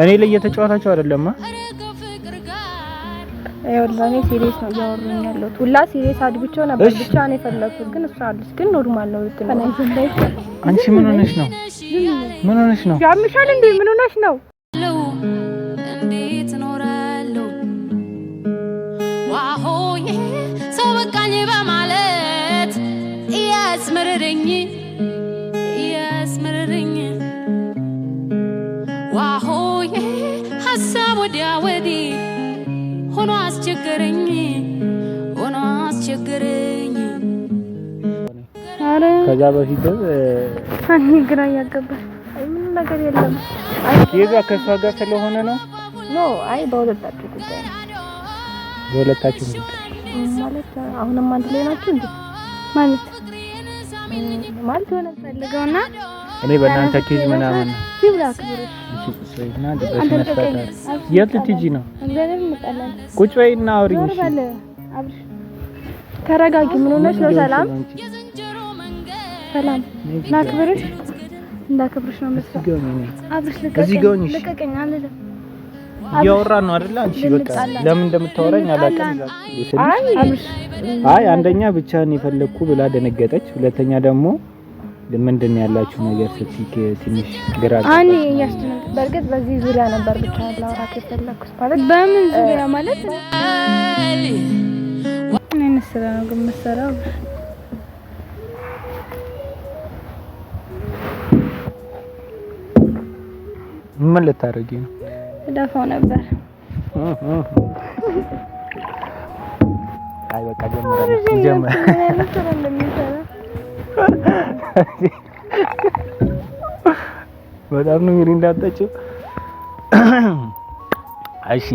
እኔ ላይ እየተጫወታችሁ አይደለም። እኔ ሲሪየስ ነው እያወሩኝ ያለሁት። ሁላ ሲሪየስ አድብቼው ነበር ብቻ ነው የፈለኩት፣ ግን እሱ አዲስ ግን ኖርማል ነው። ልክ ነው። አንቺ ምን ሆነሽ ነው? ምን ሆነሽ ነው? ያምሻል እንዴ? ምን ሆነሽ ነው? ሆዬ ሀሳብ ወዲያ ወዲህ ሆኖ አስቸገረኝ ሆኖ አስቸገረኝ። ከዛ በፊት እኔ ግራ እያገባኝ ምንም ነገር የለም። ይዛ ከእሷ ጋር ስለሆነ ነው ኖ አይ በሁለታችሁ ጉዳይ ነው። በሁለታችሁ ማለት አሁንም አንድ ላይ ናችሁ እንዴ? ማለት ማለት የሆነ ፈልገውና እኔ በእናንተ ኪዝ ምናምን የት ልትሄጂ ነው? ቁጭ በይና አውሪኝ። ተረጋጊ። ምን ሆነሽ ነው? ሰላም ሰላም። ላክብርሽ፣ እንዳክብርሽ ነው እያወራን ነው አይደለ? አንቺ በቃ ለምን እንደምታወራኝ አላውቅም። አይ አንደኛ ብቻ ነው የፈለግኩ ብላ ደነገጠች። ሁለተኛ ደግሞ ምንድን ያላችሁ ነገር ስትይክ ትንሽ ግራ አኒ ያስተናግድ። በእርግጥ በዚህ ዙሪያ ነበር ብቻ ላውራት የፈለኩት። ማለት በምን ዙሪያ ማለት ምን አይነት ስራ ነው ግን መሰራው? ምን ልታደርጊ ነው? እደፋው ነበር። አይ በቃ ጀምረን ጀምረን በጣም ነው እንግዲህ እንዳጠጭው። እሺ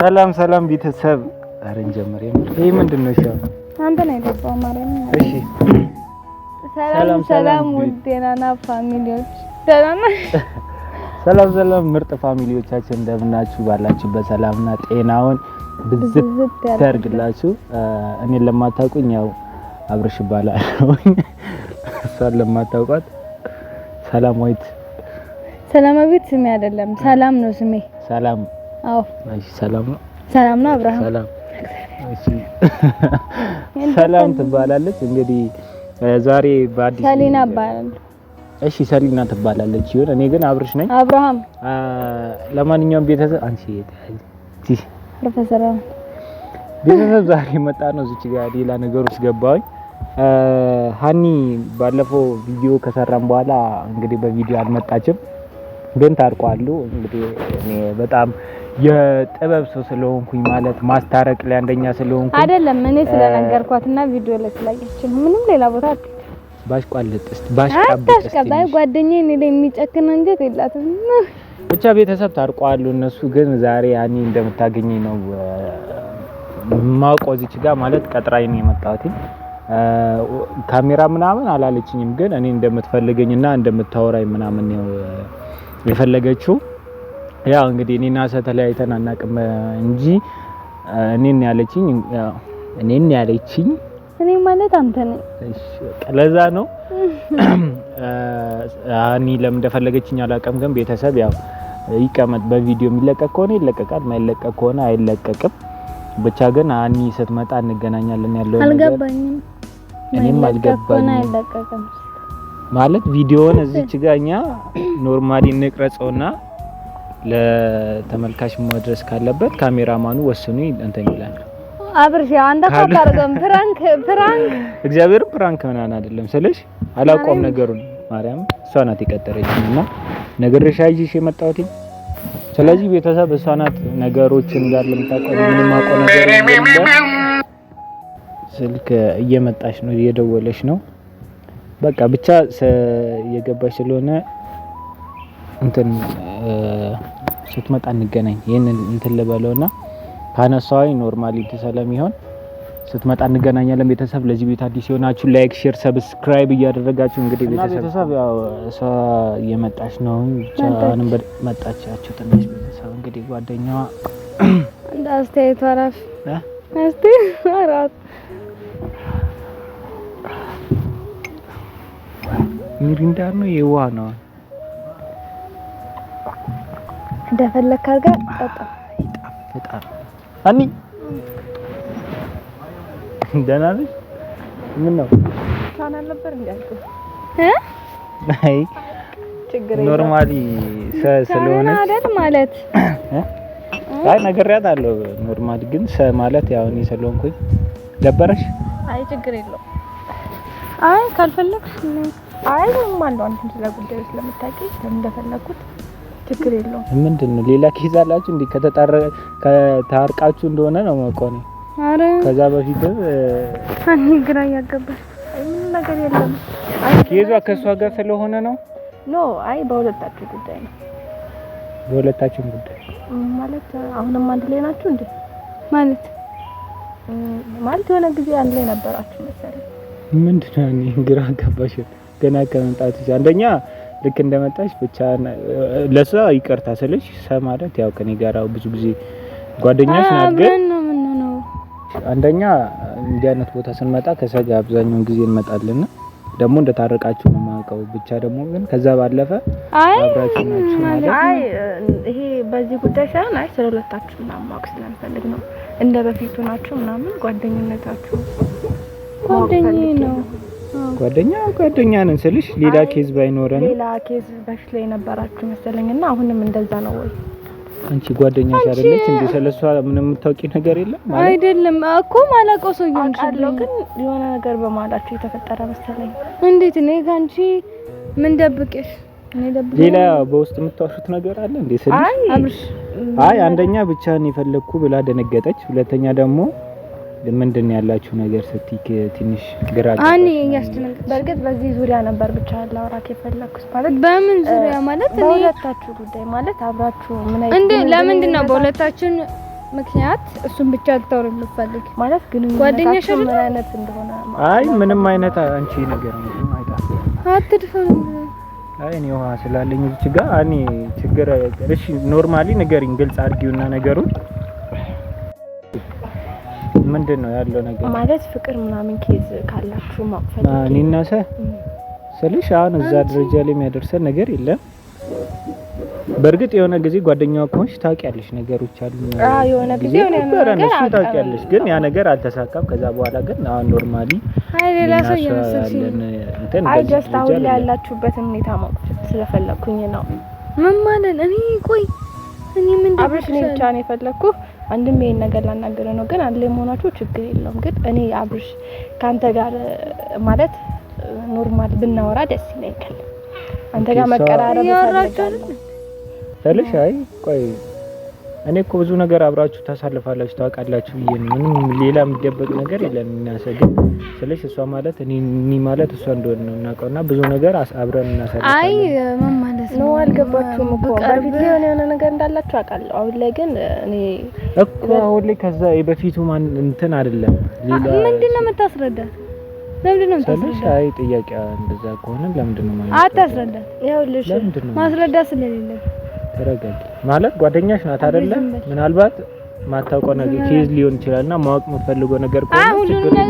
ሰላም ሰላም ቤተሰብ፣ ኧረ እንጀምር። ይሄ ምንድን ነው? ሻው አንተ ነው የገባው ማለት ነው። እሺ ሰላም ሰላም ውድ የናና ፋሚሊዎች ሰላም ሰላም ሰላም ምርጥ ፋሚሊዎቻችን እንደምናችሁ፣ ባላችሁበት ሰላምና ጤናውን ብዝት ያርግላችሁ። እኔን ለማታውቁኝ ያው አብርሽ እባላለሁ። እሷን ለማታውቋት ሰላም ሰላማዊት ስሜ አይደለም፣ ሰላም ነው ስሜ። ሰላም አዎ፣ እሺ፣ ሰላም ነው፣ ሰላም ነው አብርሃም። ሰላም እሺ፣ ሰላም ትባላለች። እንግዲህ ዛሬ በአዲስ ሰሊና እባላለሁ። እሺ፣ ሰሊና ትባላለች። ይሁን፣ እኔ ግን አብርሽ ነኝ። አብርሃም ለማንኛውም ቤተሰብ አንቺ እዚህ ፕሮፌሰር ቤተሰብ ዛሬ የመጣ ነው። እዚች ጋር ሌላ ነገር ውስጥ ገባሁኝ። ሀኒ ባለፈው ቪዲዮ ከሰራም በኋላ እንግዲህ በቪዲዮ አልመጣችም፣ ግን ታርቋሉ። እንግዲህ እኔ በጣም የጥበብ ሰው ስለሆንኩኝ ማለት ማስታረቅ ላይ አንደኛ ስለሆንኩኝ አይደለም። እኔ ስለነገርኳትና ቪዲዮ ላይ ስላየች ምንም ሌላ ቦታ ባሽቋልጥ እስቲ ባሽቃብጥ ጓደኛዬ እኔ ላይ የሚጨክን አንጀት የላትም። ብቻ ቤተሰብ ታርቋሉ። እነሱ ግን ዛሬ ያኔ እንደምታገኝ ነው ማውቀው። እዚች ጋር ማለት ቀጥራይ ነው የመጣሁት። ካሜራ ምናምን አላለችኝም፣ ግን እኔ እንደምትፈልገኝና እንደምታወራኝ ምናምን ነው የፈለገችው። ያው እንግዲህ እኔና ሰ ተለያይተን አናቅም እንጂ እኔን ያለችኝ እኔን ያለችኝ እኔ ማለት አንተ ነህ። ለዛ ነው እኔ ለምን እንደፈለገችኝ አላውቅም፣ ግን ቤተሰብ ያው ይቀመጥ በቪዲዮ የሚለቀቅ ከሆነ ይለቀቃል፣ ማይለቀቅ ከሆነ አይለቀቅም። ብቻ ግን አኒ ስትመጣ እንገናኛለን ያለው እኔም አልገባኝም ማለት ቪዲዮውን እዚች ጋ እኛ ኖርማሊ እንቅረጸውና ለተመልካች መድረስ ካለበት ካሜራማኑ ወስኑ እንትን ይላል። አብርሽ አንደ ካታርገም ፕራንክ ፕራንክ እግዚአብሔር ፕራንክ ምናምን አይደለም ስልሽ አላቆም ነገሩን ማርያም እሷ ናት የቀጠረችኝና ነግሬሽ አይዤሽ የመጣሁትኝ። ስለዚህ ቤተሰብ እሷ ናት ነገሮችን ጋር ለምታቀሩ ምንም አቆ ነገር ስልክ እየመጣች ነው እየደወለች ነው። በቃ ብቻ የገባች ስለሆነ እንትን ስትመጣ እንገናኝ። ይሄንን እንትን ልበለውና ካነሳው ኖርማሊቲ ተሰለም ይሆን ስትመጣ እንገናኛለን። ቤተሰብ ለዚህ ቤት አዲስ የሆናችሁ ላይክ፣ ሼር፣ ሰብስክራይብ እያደረጋችሁ እንግዲህ ቤተሰብ ያው እሷ እየመጣች ነው። ብቻንም መጣቻችሁ ትንሽ ቤተሰብ እንግዲህ ጓደኛዋ እንደ አስተያየቷ አራፍ እስቲ አራት ሚሪንዳ ነው የዋ ነው እንደፈለክ አድርጋ ጠጣ። በጣም አኒ ደህና ነሽ? ምን ነው ፕላን ነበር እንዴ? አይ ችግር ኖርማሊ ስለሆነ አይደል ማለት አይ ነግሬያታለሁ። ኖርማሊ ግን ማለት ያው እኔ ስለሆንኩኝ ደበረሽ? አይ ችግር የለውም። አይ ካልፈለግሽ አይ ምንም አንተ ስለ ስለምታውቂ ለምን ችግር የለውም። ምንድን ነው ሌላ ኬዝ አላችሁ እንዴ? ከታርቃችሁ እንደሆነ ነው መቆኔ አረ ከዛ በፊት እኔ ግራ እያገባል ምን ነገር የለም። ኬዟ ከእሷ ጋር ስለሆነ ነው። ኖ አይ በሁለታችሁ ጉዳይ ነው። በሁለታችሁም ጉዳይ ማለት አሁንም አንድ ላይ ናችሁ እንዴ? ማለት ማለት የሆነ ጊዜ አንድ ላይ ነበራችሁ መሰለኝ። ምንድነው? እኔ ግራ ገባሽ። ገና ከመምጣትሽ አንደኛ ልክ እንደመጣሽ ብቻ ለሷ ይቅርታ ስልሽ ሰማለት። ያው ከኔ ጋር ብዙ ጊዜ ጓደኛሽ ናት ግን አንደኛ እንዲህ አይነት ቦታ ስንመጣ ከሰጋ ጋር አብዛኛውን ጊዜ እንመጣለን። ደግሞ እንደታረቃችሁ ነው የማውቀው። ብቻ ደግሞ ግን ከዛ ባለፈ አብራችሁ ናችሁ አይ ይሄ በዚህ ጉዳይ ሳይሆን አይ ስለ ሁለታችሁ ምናምን ማወቅ ስለምፈልግ ነው። እንደ በፊቱ ናችሁ ምናምን ጓደኝነታችሁ ጓደኛ ነው ጓደኛ ጓደኛ ነን ስልሽ ሌላ ኬዝ ባይኖረን ሌላ ኬዝ በፊት ላይ የነበራችሁ መሰለኝና አሁንም እንደዛ ነው ወይ? አንቺ ጓደኛሽ አይደለች እንዴ? ስለሷ ምንም የምታውቂ ነገር የለም ማለት አይደለም እኮ ማላውቀው ሰው ይሁን አውቃለሁ፣ ግን የሆነ ነገር በማላችሁ የተፈጠረ መሰለኝ። እንዴት እኔ ከአንቺ ምን ደብቄሽ? ሌላ በውስጥ የምታወሹት ነገር አለ እንዴ? ስልሽ አይ አንደኛ ብቻ ነው የፈለግኩ ብላ ደነገጠች፣ ሁለተኛ ደግሞ ምንድን ነው ያላችሁ ነገር ስትይ ትንሽ ግራ አኒ ያስደነግ በእርግጥ በዚህ ዙሪያ ነበር ብቻ ላውራት የፈለኩት። ማለት በምን ዙሪያ ማለት እኔ በሁለታችሁ ጉዳይ ማለት አብራችሁ ምን አይነት እንዴ፣ ለምንድን ነው በሁለታችን ምክንያት እሱን ብቻ ልታወሪ የምትፈልግ ማለት ግን ጓደኛሽ ምን አይነት እንደሆነ አይ፣ ምንም አይነት አንቺ ነገር ነው አይታስ አትድፈሩ። አይ እኔ ውሃ ስላለኝ እዚህ ጋር እኔ ችግር እሺ፣ ኖርማሊ ንገሪኝ፣ ግልጽ አድርጊውና ነገሩን ምንድን ነው ያለው ነገር ማለት ፍቅር ምናምን ኬዝ ካላችሁ ማቅፈል እኔና ሰ ስልሽ አሁን እዛ ደረጃ ላይ የሚያደርሰን ነገር የለም። በእርግጥ የሆነ ጊዜ ጓደኛዋ ከሆንሽ ታውቂያለሽ፣ ነገሮች አሉ የሆነ ጊዜ እሱን ታውቂያለሽ፣ ግን ያ ነገር አልተሳካም። ከዛ በኋላ ግን አሁን ኖርማሊ ሌላ ሰው እየመሰለሽ አይ ጀስት አሁን ላይ ያላችሁበትን ሁኔታ ማቅፈት ስለፈለግኩኝ ነው። ምን ማለት እኔ ቆይ እኔ ምንድን አብረሽ እኔ ብቻ ነው የፈለግኩ አንድም ይሄን ነገር ላናገረ ነው። ግን አንድ ላይ መሆናችሁ ችግር የለውም። ግን እኔ አብርሽ ከአንተ ጋር ማለት ኖርማል ብናወራ ደስ ይለኛል። አንተ ጋር መቀራረብ ታለሽ። አይ ቆይ እኔ እኮ ብዙ ነገር አብራችሁ ታሳልፋላችሁ ታውቃላችሁ ብዬ ምንም ሌላ የሚደበቅ ነገር የለም። እናሰግን ስለሽ እሷ ማለት እኔ ማለት እሷ እንደሆነ ነው እናውቀው እና ብዙ ነገር አብረን እናሳልፋለን። አይ ምን ማለት ነው አልገባችሁም እኮ በፊት የሆነ የሆነ ነገር እንዳላችሁ አውቃለሁ። አሁን ላይ ግን እኔ እኮ አሁን ላይ ከዛ የበፊቱ ማን እንትን አይደለም። ምንድን ነው የምታስረዳት? ለምንድን ነው የምታስረዳት? አይ ጥያቄ እንደዛ ከሆነ ለምንድን ነው ማለት አታስረዳት? ይኸውልሽ ማስረዳት ስለሌለ ተረጋጊ ማለት ጓደኛሽ ናት አይደለ? ምናልባት ማታውቀው ነገር ኬዝ ሊሆን ይችላል እና ማወቅ የምትፈልገው ነገር ከሆነ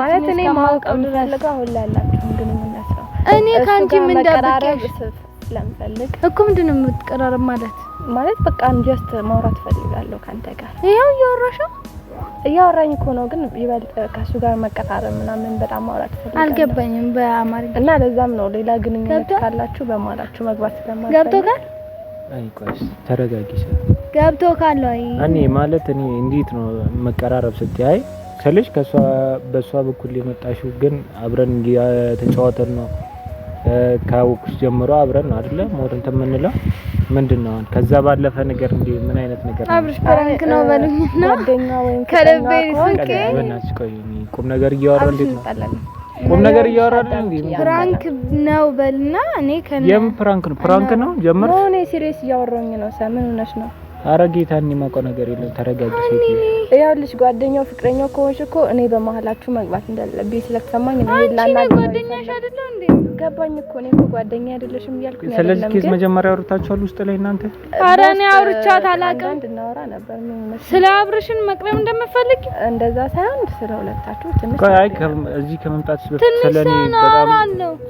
ማለት እኔ ማወቅ የምፈልገው ሁሉ ያላችሁን ግንኙነት እኔ ከአንቺ ምን እንደበቀሽ ስለምፈልግ እኮ ምንድን ነው ማለት ማለት በቃ ጀስት ማውራት ፈልጋለሁ ካንተ ጋር። ይሄው እያወራሽ እያወራኝ እኮ ነው፣ ግን ይበልጥ ከሱ ጋር መቀራረብ ምናምን በጣም ማውራት ፈልጋለሁ። አልገባኝም በአማርኛ እና ለዛም ነው ሌላ ግንኙነት ካላችሁ በማላችሁ መግባት ስለማልፈልግ ገብቶ ጋር ተረጋጊ። ገብቶ ካለ እኔ ማለት እኔ እንዴት ነው መቀራረብ ስትያይ ስልሽ ከሷ በሷ በኩል የመጣሽው ግን አብረን ተጫወተን ነው ካወቅሽ ጀምሮ አብረን አይደለ ሞት እንትን የምንለው ምንድን ነው? ከዛ ባለፈ ነገር እንዴ ምን አይነት ነገር አብርሽ ፕራንክ ነው በሉኝ ነው ጓደኛ ወይም ከለቤ ቁም ነገር እያወራ እንዴት ነው ቁም ነገር እያወራን እንዴ? ፕራንክ ነው በልና እኔ ከነ የም ፕራንክ ነው ፕራንክ ነው ጀመር ነው። እኔ ሲሪየስ እያወራኝ ነው። ሰምን ሆነሽ ነው? አረ ጌታ እኔ የማውቀው ነገር የለም። ተረጋጊ ሴት። ይኸውልሽ ጓደኛው ፍቅረኛው ከሆንሽ እኮ እኔ በመሀላችሁ መግባት እንዳለብኝ ስለተሰማኝ ነው። ላና ጓደኛሽ አይደለ እንዴ? ገባኝ እኮ እኔ እኮ ጓደኛ አይደለሽም እያልኩኝ አይደለም። ስለዚህ ኬዝ መጀመሪያ አውርታችኋል ውስጥ ላይ እናንተ? ኧረ እኔ አውርቻት አላውቅም። እናወራ ነበር ምን መሰለሽ፣ ስለ አብርሽን መቅረብ እንደምፈልግ እንደዛ ሳይሆን ስለ ሁለታችሁ ትንሽ አይ፣ እዚህ ስለ ትንሽ ስለኔ በጣም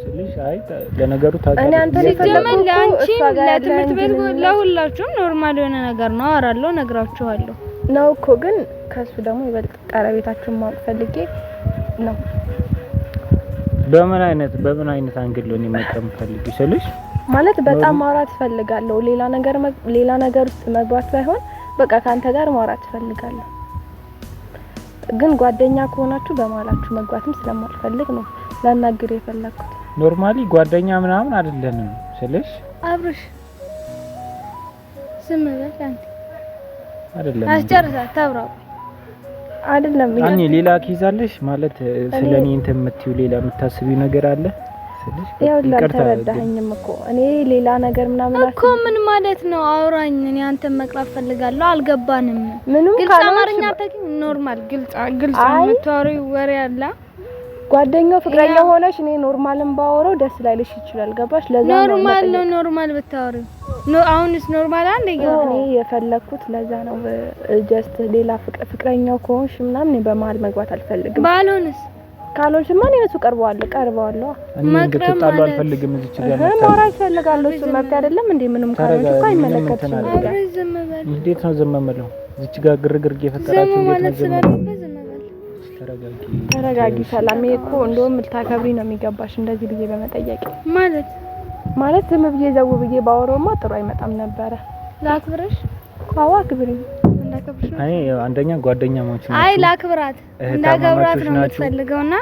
ትንሽ አይ፣ ለነገሩ ታውቂያለሽ። እኔ አንተ ሲጀመር ለአንቺም ለትምህርት ቤት ለሁላችሁም ኖርማል የሆነ ነገር ነው አወራለሁ፣ እነግራችኋለሁ ነው እኮ ግን ከሱ ደግሞ ይበልጥ ቀረቤታችሁን ማወቅ ፈልጌ ነው በምን አይነት በምን አይነት አንግል ነው መቀም ፈልግ ስልሽ ማለት በጣም ማውራት ፈልጋለሁ። ሌላ ነገር ሌላ ነገር ውስጥ መግባት ሳይሆን በቃ ካንተ ጋር ማውራት ፈልጋለሁ። ግን ጓደኛ ከሆናችሁ በማላችሁ መግባትም ስለማልፈልግ ነው ላናግር የፈለኩት። ኖርማሊ ጓደኛ ምናምን አይደለንም ስልሽ አብርሽ ስም በል አንተ አይደለም አስጨርሳ ታብራው አይደለም እኔ ሌላ ኪዛለሽ ማለት ስለኔ እንትን የምትይው ሌላ የምታስቢው ነገር አለ ስልሽ አልተረዳኸኝም እኮ እኔ ሌላ ነገር ምናምን እኮ ምን ማለት ነው አውራኝ እኔ አንተን መቅረብ ፈልጋለሁ አልገባንም ምንም ግልጽ አማርኛ ታውቂ ኖርማል ግልጽ ግልጽ የምታወሪው ወሬ አለ ጓደኛው ፍቅረኛ ሆነሽ እኔ ኖርማልም ባወረው ደስ ላይልሽ ይችላል ገባሽ ለዛ ኖርማል ነው ኖርማል ብታወሪው አሁንስ ኖርማል አለ እኔ የፈለኩት ለዛ ነው። ጀስት ሌላ ፍቅረኛው ከሆንሽ ምናምን በመሀል መግባት አልፈልግም። ባልሆንስ ካልሆንሽ ማን ይወሱ ቀርበዋለሁ ቀርበዋለሁ እንድትጣሉ አልፈልግም። እዚህ ጋር ነው ማውራት እሱ መብት አይደለም እንዴ? ምንም ካልሆንሽ እኮ አይመለከትሽም። እንዴት ነው ዝም የምለው? እዚህ ጋር ግርግር እየፈጠራችሁ ተረጋጊ፣ ተረጋጊ። ሰላም እኮ እንደውም ልታከብሪ ነው የሚገባሽ እንደዚህ ብዬ በመጠየቅ ማለት ማለት ዝም ብዬ ዘው ብዬ ባወራውማ ጥሩ አይመጣም ነበረ። ላክብርሽ? አዎ አክብሪኝ። አይ አንደኛ ጓደኛ ማለት ነው። አይ ላክብራት እንዳገብራት ነው የምትፈልገውና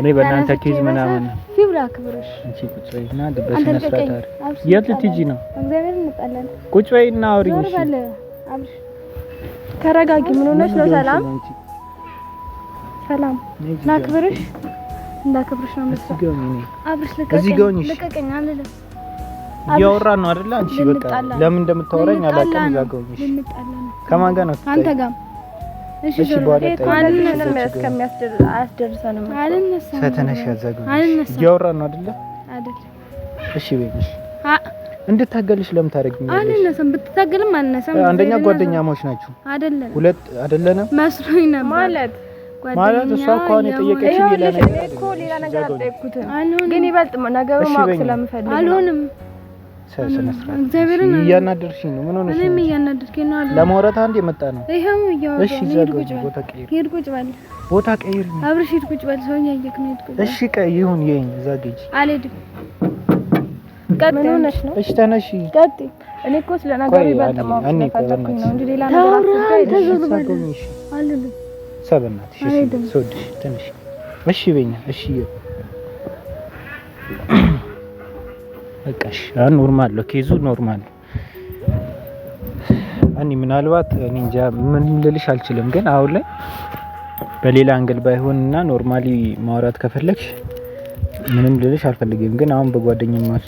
እኔ በእናንተ ኬዝ ምናምን ፊብላ ክብርሽ እንቺ ቁጭ በይና ድብሽ መስራታሪ የት ልትጂ ነው? እግዚአብሔር እንጣለን። ቁጭ በይና አውሪኝ። እሺ ተረጋጊ። ምን ሆነሽ ነው? ሰላም ሰላም። ላክብርሽ እንዳከብርሽ ነው እያወራን ነው አይደለ? አንቺ በቃ ለምን እንደምታወራኝ አላውቅም። እዛ ገውኝሽ ከማን ጋር ነው? አንተ ጋር እሺ። በኋላ እንድታገልሽ ለምን ታደርጊኛለሽ? አልነሳም። ብትታገልም አልነሳም። አንደኛ ጓደኛሞች ናችሁ አይደለ? ሁለት አይደለንም መስሎኝ ነው ማለት ማለት እሷ እኮ አሁን የጠየቀችኝ ሌላ ነገር እኮ ሌላ ነገር አልጠየኩትም፣ ግን ይበልጥ ነገሩ ማወቅ ስለምፈልግ አልሆንም። እግዚአብሔርን እያናደርሽኝ ነው። ምን ሆነሽ? እኔም እያናደርሽኝ ነው። አለ። ለማውራት አንድ የመጣ ነው። ይሄም ይያው እሺ፣ ቦታ ቀይር፣ ሂድ ቁጭ በል፣ ቦታ ቀይር፣ አብረሽ ሂድ ቁጭ በል። ሰውኛ እየክ ነው። ሂድ ቁጭ እሺ፣ ቀይ ይሁን ይሄን እዛ ዛገጅ አልሄድም። ቀጥ ምን ሆነሽ ነው? እሺ፣ ተነሺ፣ ቀጥ እኔ እኮ ስለነገሩ ይበልጥ ማወቅ ስለፈለኩኝ ነው እንጂ ሌላ ነገር አትፈልጊ። ተዘዝበል አልልም ሰብናት ስወድሽ ትንሽ እሺ በኛ እሺ በቃሽ። አሁን ኖርማል ነው፣ ኬዙ ኖርማል ነው። እኔ ምናልባት እኔ እንጃ ምን ልልሽ አልችልም፣ ግን አሁን ላይ በሌላ አንግል ባይሆንና ኖርማሊ ማውራት ከፈለግሽ ምንም ልልሽ አልፈልግም፣ ግን አሁን በጓደኛማች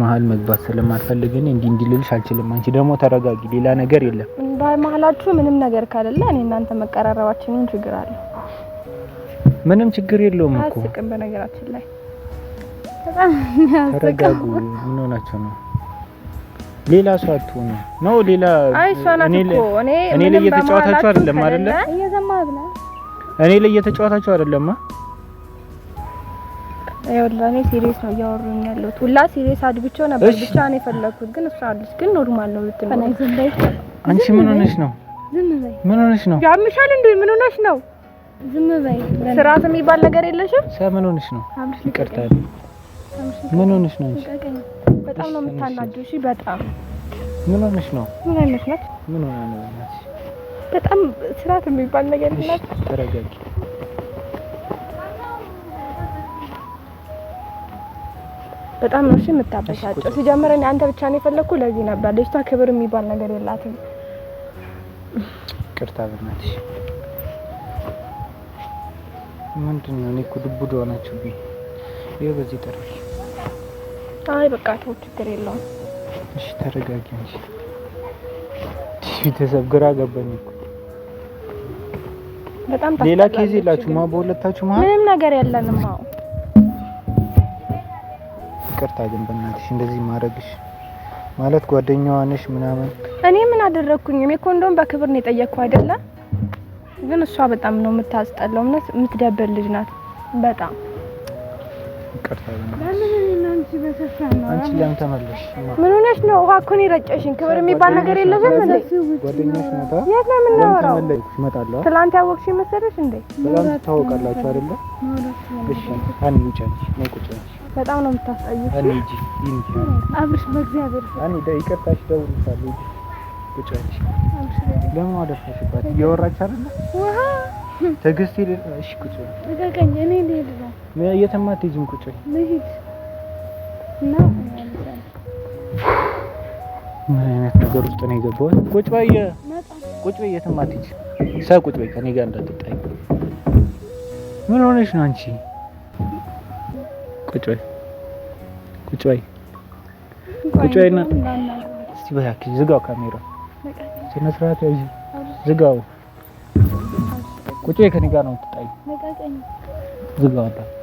መሀል መግባት ስለማልፈልግ እኔ እንዲህ እንዲህ ልልሽ አልችልም። አንቺ ደግሞ ተረጋጊ፣ ሌላ ነገር የለም። በመሀላችሁ ምንም ነገር ካለለ እኔ እናንተ መቀራረባችን ምን ችግር አለ? ምንም ችግር የለውም እኮ አስቅም። በነገራችን ላይ ተረጋጉ። ምን ሆናችሁ ነው? ሌላ ሰው አትሆኑ ነው? ሌላ እኔ እኔ ላይ እየተጫወታችሁ አይደለም አይደለ? እኔ ላይ እየተጫወታችሁ አይደለም ያውላኔ ሲሪየስ ነው እያወሩኝ ያለሁት። ሁላ ሲሪየስ አድብቼው ነበር ብቻ ነው የፈለኩት፣ ግን እሷ አዲስ ግን ኖርማል ነው ልትል ነው። አንቺ ምን ሆነሽ ነው? ዝም በይ። ምን ሆነሽ ነው? ያምሻል እንዴ? ምን ሆነሽ ነው? ዝም በይ። ስራት የሚባል ነገር የለሽም። ምን ሆነሽ ነው? ይቅርታ። ምን ሆነሽ ነው? በጣም ነው የምታናደው። እሺ፣ በጣም ምን ሆነሽ ነው? ምን ሆነሽ ነው? ምን ሆነሽ ነው? በጣም ስራት የሚባል ነገር የለሽም። ተረጋጊ በጣም ነው እሺ የምታበሳጨው። ሲጀምር እኔ አንተ ብቻ ነው የፈለግኩ ለዚህ ነበር። ልጅቷ ክብር የሚባል ነገር የላትም። ቅርታ በእናትሽ ምንድን ነው? እኔ እኮ ዱብ እዳ ሆናችሁብኝ። ይኸው በዚህ ጠረሽ። አይ በቃ ተው፣ ችግር የለውም። እሺ ተረጋጊ እንጂ ቤተሰብ ግራ ገባኝ እኮ በጣም ሌላ ኬዝ ማ በሁለታችሁ ማ ምንም ነገር የለንም። አዎ ይቅርታ ግን በእናትሽ እንደዚህ ማድረግሽ ማለት ጓደኛዋ ነሽ ምናምን። እኔ ምን አደረግኩኝ? እኔ ኮንዶም በክብር ነው የጠየቅኩ አይደለ? ግን እሷ በጣም ነው የምታስጠላው፣ እምነት የምትደብር ልጅ ናት በጣም። ይቅርታ ምን ሆነሽ ነው? ውሃ እኮ ነው የረጨሽኝ። ክብር የሚባል ነገር የለብም። ምን የት ነው የምናወራው? ትናንት ያወቅሽ መሰለሽ እንዴ? ትናንት ታወቃላችሁ አይደለ? እሺ አንቺ ነይ ቁጭ ነሽ በጣም ነው የምታስጠይቅ። አብርሽ በእግዚአብሔር ይቅርታሽ እደውልልሻለሁ። ቁጭ ነው። የትም ቁጭ ምን አይነት ነገር ውስጥ ነው የገባው? ቁጭ በይ፣ ቁጭ በይ፣ የትም አትሄጂም። ሰ ቁጭ በይ፣ ጋር እንዳትጣይ። ምን ሆነሽ ነው አንቺ? ቁጭ በይ ቁጭ በይ ቁጭ በይ እና ዝጋው ካሜራ ስነ ስርዓት ያዥ ዝጋው ቁጭ በይ ጋር ነው የምትጣይ ዝጋው